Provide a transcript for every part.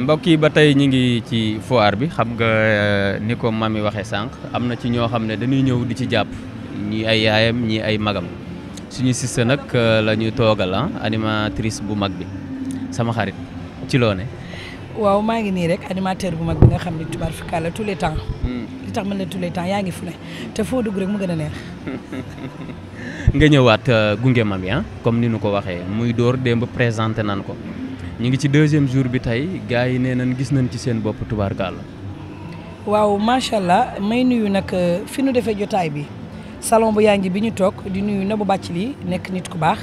mbokk yi ba tey ñu ngi ci foire bi xam nga euh, ni ko mami waxee sànq am na ci ñoo xam ne dañuy ñëw di ci jàpp ñi ay yaayam ñi ay magam suñu siste nag euh, la ñuy toogal ah, animatrice bu mag bi sama xarit ci loo loone waaw maa ngi nii rek animateur bu mag bi nga xam ne tubaab fukkaat la tous les temps. Hmm. li tax mën la tous les temps yaa ngi fu te foo dugg rek mu gën a neex. nga ñëwaat euh, gunge mami ah comme ni nu ko waxee muy dóor démb présenté nan ko. ñu ngi ci deuxième jour bi tey gars yi nee nan gis nañ ci seen bopp tubaarkàlla. waaw macha allah may nuyu nag euh, fi nu defee jotaay bi salon bu yaanji bi ñu toog di nuyu bu bàcc li nekk nit ku baax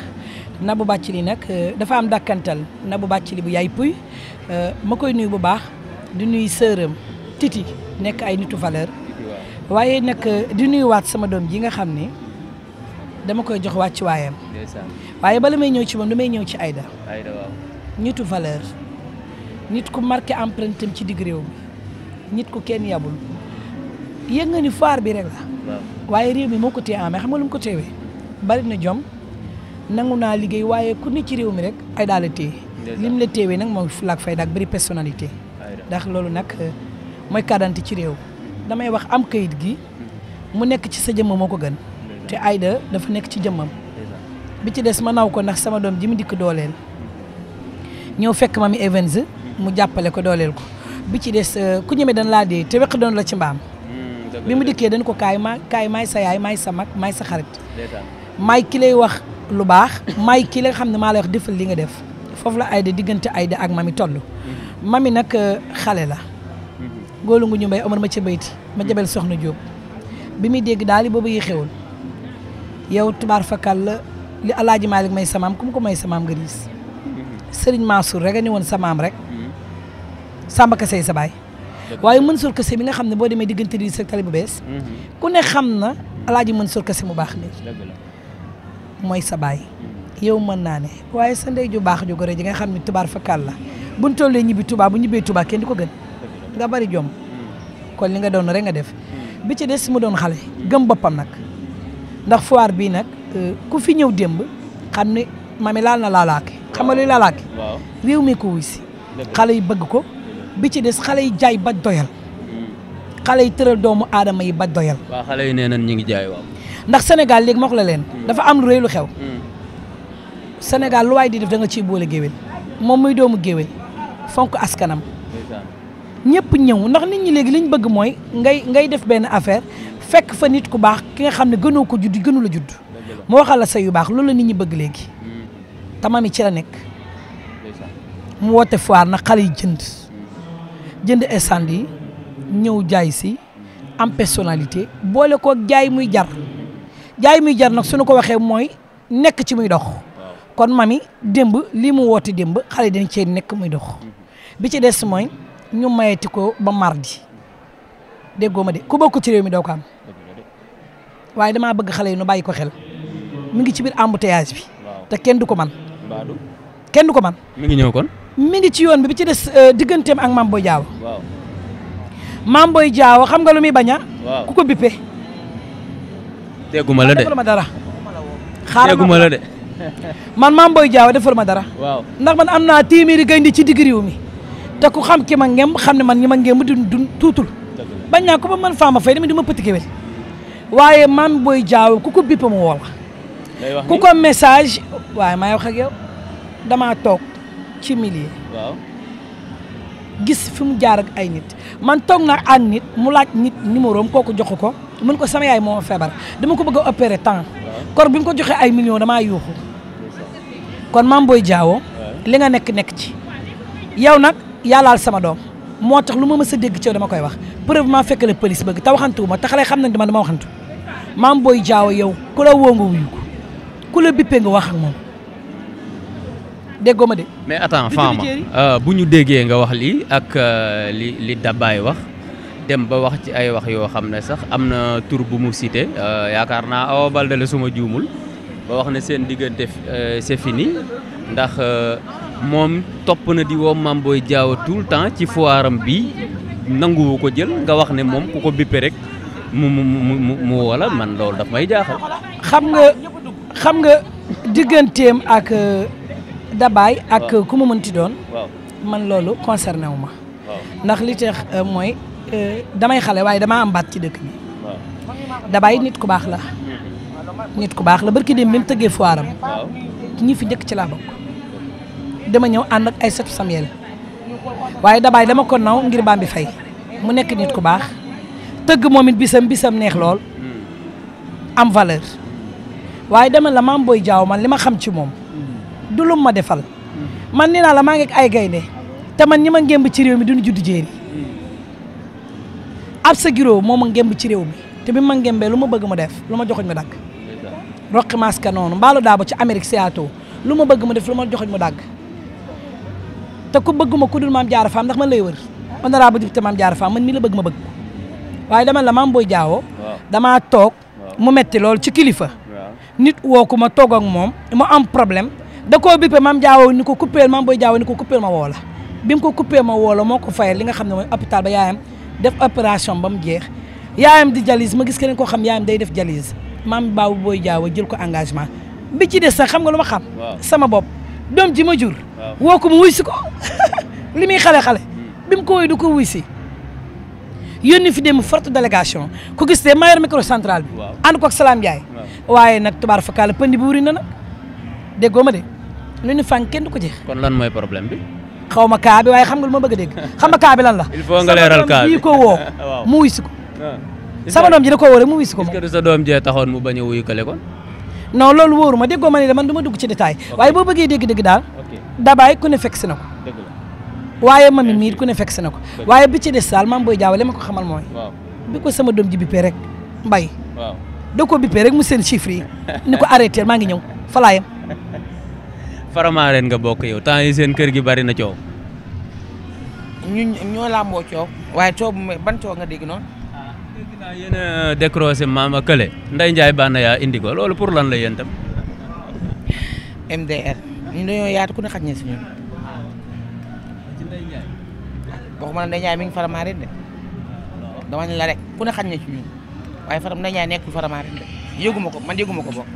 na bu bàcc Bathily nag euh, dafa am dàkkantal Nabou Bathily bu yaay puy euh, ma koy nuyu bu baax di nuyu sëram Titi nekk ay nitu valeur waaye nag di nuyuwaat sama doom ji nga xam ni dama koy jox wàcc waayam waaye bala may ñëw ci moom may ñëw ci ayda nitu valeur nit ku marqué empreinte am ci digg réew nit ku kenn yabul yëg nga ni bi rek waaye réew mi moo ko téye amee xam nga lu mu ko teewee. bari na jom nangu naa liggéey waaye ku nit ci réew mi rek ay daal la téye. lim la téewee nag moom fulaak fay daak bari personnalité. ndax loolu nag euh, mooy kàddante ci réew. damay wax am kayit gi mu nekk ci sa jëmm moo ko gën. te Aïda dafa nekk ci jëmmam. bi ci des ma naw ko ndax sama doom ji mu dikk dooleel. ñëw fekk ma mi Evens mu jàppale ko dooleel ko bi ci des euh, ku ñeme dañ laa dee te weq doon la ci mbaam hmm, bi mu dikkee dañ ko kaay ma kaay maay sa yaay may sa mag may sa xarit may ki lay wax lu baax may ki la xam ne maa lay wax defal li nga def foofu la Aïda diggante Aïda ak Mamy toll hmm. Mamy nag euh, xale la hmm. góolu ngu ñu mbay Omar ma ca bayti ma jabel soxna Jóob bi muy dégg daal boobu yi xewul yow tubaar fakal la li maa Malick may samaam ku mu ko may samaam nga sëriñ Mansour rek a ne woon sa maam rek hmm. Samba Kassé sa baay waaye Mansour Kassé bi nga xam ne boo demee diggante di sa tali bu bees hmm. ku ne xam na alaaji Mansour Kassé mu baax nii mooy sa baay hmm. yow mën naa ne waaye sa ndey ju baax ju gore ji nga xam ne tubaar fakal la buñ tollee ñibbi Touba bu ñibbee tubaa kenn di ko gën nga bari jom kon li nga doon rek nga def bi ci des mu doon xale gëm boppam nag ndax foire bii nag euh, ku fi ñëw démb xam ne mami laal na laalaake xam nga luy laalaake réew mi ko wuy si xale yi bëgg ko bi ci des xale yi jaay ba doyal xale yi tëral doomu aadama yi ba doyal yi nee nañ ñu ngi jaay waaw ndax senegal léegi ma wax la leen hmm. dafa am lu rëy xew hmm. Sénégal lu di def danga nga ciy boole géwél moom muy doomu géwél fonk askanam ñëpp ñëw ndax nit ñi léegi li ñu bëgg mooy ngay ngay def benn affaire fekk fa nit ku baax ki nga xam ne gënu ko judd gënu la judd moo waxal la say yu baax loolu la nit ñi bëgg léegi tamam yi ci la nekk mu woote foire na xale yi jënd jënd stand yi ñëw jaay si am personnalité boole ko jaay muy jar jaay muy jar nag suñu ko waxee mooy nekk ci muy dox kon mami démb lii mu woote demb xale yi dañ cee nekk muy dox mm-hmm. bi ci des mooy ñu mayeti ko ba mar mardi déggoo ma de ku bokk ci réew mi doo ko waaye damaa bëgg xale yi nu bàyyi ko xel mu ngi ci biir embouteillage bi te kenn du ko man mbaadu kenn du ko man mi ngi ñëw mi ngi ci yoon bi bi ci des euh, digganteem ak Mame Boye Diao. waaw Mame Boye Diao xam nga lu muy baña ku ko bippe. teguma la de defaluma dara. teguma la de. man Mame Boye Diao defaluma dara. waaw ndax man am naa téeméeri gaynde ci digg réew mi. te ku xam ki ma ngem xam ne man ñi ma ngem du du tuutul. bañ naa ko ba man Fama Faye dama di ma pëtt kéwél waaye Mame Boye Diao ku ko bippe mu woo ku ko message waaye maay wax ak damaa toog ci milieu. waaw gis fi mu jaar ak ay nit man toog naa ak nit mu laaj nit numéro am kooku joxu ko mën ko sama yaay moo feebar dama ko bëgg a opérer temps kor bi nga ko joxee ay million damaa yuuxu kon maam booy jaawoo li nga nekk nekk ci yow nag yàllaal sama doom moo tax lu ma mës sa dégg ci yow dama koy wax preuve maa fekk la police bëgg te waxantuwu ma taxalee xam nañ dama dama waxantu maam booy jaawo yow ku la woo nga wuyu ko ku la bippee nga wax déggoo ma de. mais attends Fama euh, bu ñu déggee nga wax lii ak euh, li li Dabaay wax dem ba wax ci ay wax yoo xam ne sax am na tur bu mu cité euh, yaakaar naa Awa Baldé la suma juumul ba wax ne seen diggante c'est fini ndax moom topp na di woo booy Boye Diao tout le temps ci foiram bi nanguwu ko jël nga wax ne moom ku ko bippe rek mu mu mu mu wala man loolu daf may jaaxal. xam nga xam nga digganteem ak euh, dabaay ak ku mu mënti doon man loolu concerné wu ma ndax li tax euh, mooy euh, damay xale waaye dama am baat ci dëkk bi dabaay nit ku baax la nit ku baax la barki dem bi mu tëggee foiram ñi fi njëkk ci laa bokk dama ñëw ànd ay setu Samuel waaye dabaay dama ko naw ngir baam bi fay mu nekk nit ku baax tëgg moom it bisam bisam neex lool hmm. am valeur waaye dama la maam booy jaaw man li ma xam ci moom du lum ma defal man ni naa la maa ngi ay gaynde te man ñi ma ngemb ci réew mi duñu judd jéeri ab sa giroo moo ma ngemb ci réew mi te bi ma ngembe lu ma bëgg mu def lu ma joxoñ mu dagg roqi maska noonu mbaalu daabo ci Amérique Seattle lu ma bëgg mu def lu ma joxoñ mu dagg te ku bëgg ma ku dul maam jaara faam ndax man lay wër honorable député maam jaara faam man mii la bëgg ma bëgg waaye dama la maam booy jaawoo damaa toog mu metti lool ci kilifa nit woo ko ma toog ak moom ma am problème da koo bippe maam jaawoo ni ko coupéel maam booy jaawoo ni ko coupéel ma woo la bi mu ko coupé ma woo moo ko fayal li nga xam ne mooy hôpital ba yaayam def opération ba mu jeex yaayam di dialyse ma gis keneen koo xam yaayam day def dialyse maam baabu booy jaawoo jël ko engagement bi ci des sa xam nga lu ma xam sama bopp doom ji ma jur woo ko mu wuy si ko li muy xale-xale hmm. bi mu ko woy du ko wuy si yónni fi dem forte délégation ku gis te mayor micro central bi. waaw ànd koog Salam Ndiaye. waaye nag tubaar fakkaale pëndi bi wuri na nag déggoo ma de lu ñu fànn kenn du ko jeex. kon lan mooy problème bi. xaw ma kaa bi waaye xam nga lu ma bëgg a dégg xam nga kaa bi lan la. il faut nga leeral ko woo mu wisi ko. Ah. sama doom ji da koo woo mu wisi ko moom. est-ce que sa doom jee taxoon mu bañ a wuyu kale kon. ma déggoo ma ne de man du dugg ci détail waaye boo bëggee dégg-dégg daal dabaay ku ne fekk si na ko waaye mami mii ku ne fekk si na ko waaye bi ci des daal maam booy ma ko xamal mooy bi ko sama doom ji bippee rek mbay da ko bippee rek mu seen chiffre yi ni ko arrêté maa ngi ñëw falaayam faramaareen nga bokk yow temps yi seen kër gi bari na coow ñun ñoo làmboo coow waaye coow bu may ban nga dégg noonu ah yéen a décroché maama Kële Ndeye Ndiaye Bana yaa indi ko loolu pour lan la yéen tam. MDR ñu dañoo yaatu ku ne si ñun ma ne Ndeye Ndiaye mi ngi Faramareen de dama ne la rek ku ne xañ na waaye faram Ndeye Ndiaye nekkul Faramareen de yëgu ma ko man yëgu ma ko bokk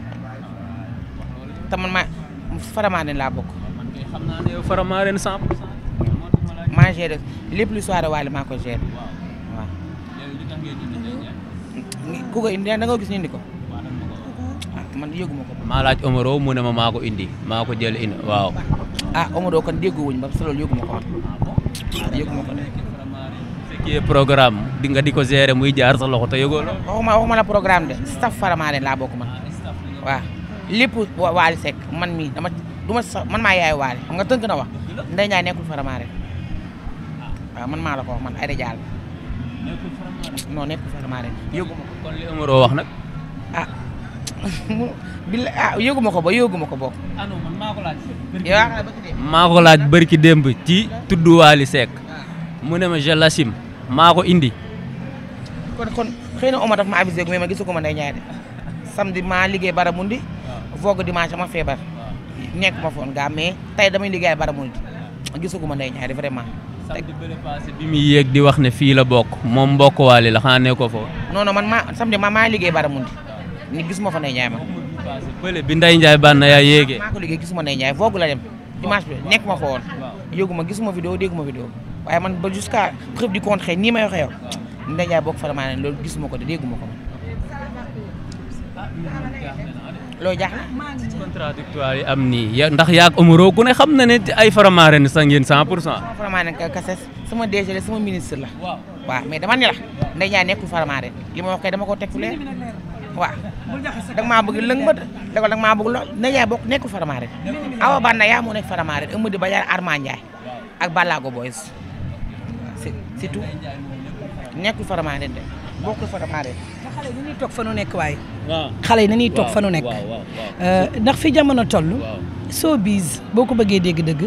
te man ne yow Faramareen 100 pour waale maa ko ku ko indi da nga gis ñu indi ko. Ah, man yëgu ma ko. maa laaj Omaro mu ne ma maa indi maa jël indi waaw. ah Omaro kon déggu wuñ ba sa loolu yëgu ma yëg ko nekk vraiment ce programme di nga di ko gérer muy jaar sa loxo te yëgoo waxuma la programme de staff Faramaren laa bokk man. Ah, waaw lépp Waly man mi dama sax man maa yaay Waly xam nga tënk na wax Ndeye Ndiaye nekkul Faramaren waaw man maa la ko wax man Aïda Diallo. nekkul Faramaren nekkul Faramaren yëguma ko. kon li wax nag ah, bi ah yëgu ma ko ba yëgu ma ko bokk. ah non man maa ko laaj. maa ko laaj barki démb ci tudd Waly Seck. mu ne ma je l'assume maa ko indi. kon kon xëy na Omar daf ma avisé mais ma gisu ko ma day ñaari samedi maa liggéey Baramundi. waaw vogue dimanche ma feebar. nekk ma foon gaa mais tey damay liggéey Baramundi gisu ko ma day ñaari vraiment. samedi bële passé bi muy yéeg di wax ne fii la bokk moom mbokk Waly la xanaa ne ko foofu. non non man maa samedi maa maa liggéey Baramundi. ni gisuma fa Ndeye Ndiaye ma. bële bi Ndeye Ndiaye bànn yaa yéegee. maa ko liggéey gisuma Ndeye Ndiaye la dem dimanche bi nekk ma fa woon. yógu ma gisuma vidéo dégguma vidéo waaye man ba jusqu'à preuve du contraire nii may waxee yow Ndeye bokk fa damaa ne loolu ko de dégguma ko. loolu jaaxle. contradictoire yi am nii ndax yaag Omaro ku xam na ne ay faramaareen sa ngeen 100 pour cent. sama faramaareen kases sama DG la sama ministre la. waaw mais dama ne la Ndeye Ndiaye nekkul li ma wax waaw danga maa bëgg lëng ma da ko danga maa bëgg lool na yaay bokk nekkul Faramareen awa moo nekk Faramareen ëmb di ba yaar Armand Ndiaye ak Balago Boys c'est tout fa nu nekk waaye xale yi nañuy toog fa nu euh, ndax fi jamono toll soo biis boo ko bëggee dégg dëgg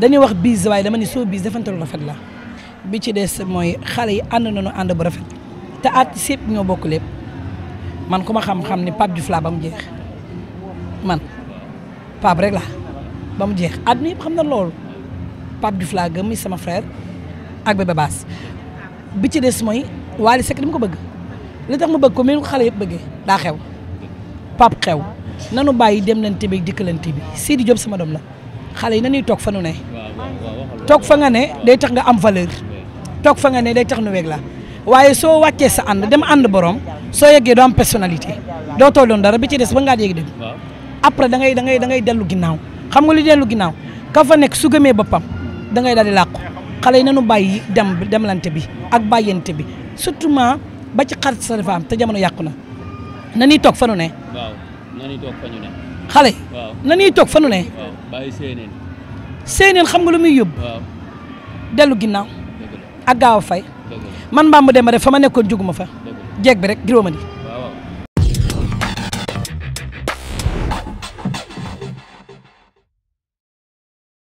dañuy wax biis waaye dama ni soo biis defantalu rafet la bi ci des mooy xale yi ànd nañu ànd bu rafet te at yëpp ñoo bokk lépp man ku ma xam-xam ni Pape Diouf laa ba mu jeex man Pape rek la ba mu jeex àdduna yëpp xam na loolu Pape Diouf laa gëm sama frère ak bébé baas bi ci des mooy Wally Seck dama ko bëgg li tax ma bëgg ko mel ko xale yëpp bëggee daa xew Pape xew nanu bàyyi dem lante bi dikkalante bi Sidi Diop sama doom la xale yi na nanuy toog fa nu ne toog fa nga ne day tax nga am valeur toog fa nga ne day tax nu weeg la waaye soo wàccee sa ànd dem ànd borom soo yeggee doo am personnalité doo tolloon dara bi ci des ba ngaa yéeg dem après da ngay da ngay da ngay dellu ginnaaw xam nga lu dellu ginnaaw ka fa nekk su gëmee boppam da ngay làqu xale yi nanu bàyyi dem demlante bi ak bàyyante bi surtout ba ci xarit sa dafa am te jamono yàqu na na ñuy toog fa ne. waaw na ñuy toog fa ne. na ñuy toog fa nu ne. waaw seeneen. seeneen xam nga lu muy yóbbu. dellu ginnaaw. ak gaaw a fay. man Bamba Demba de fa ma nekkoon juguma fa jeeg bi rek giróoma di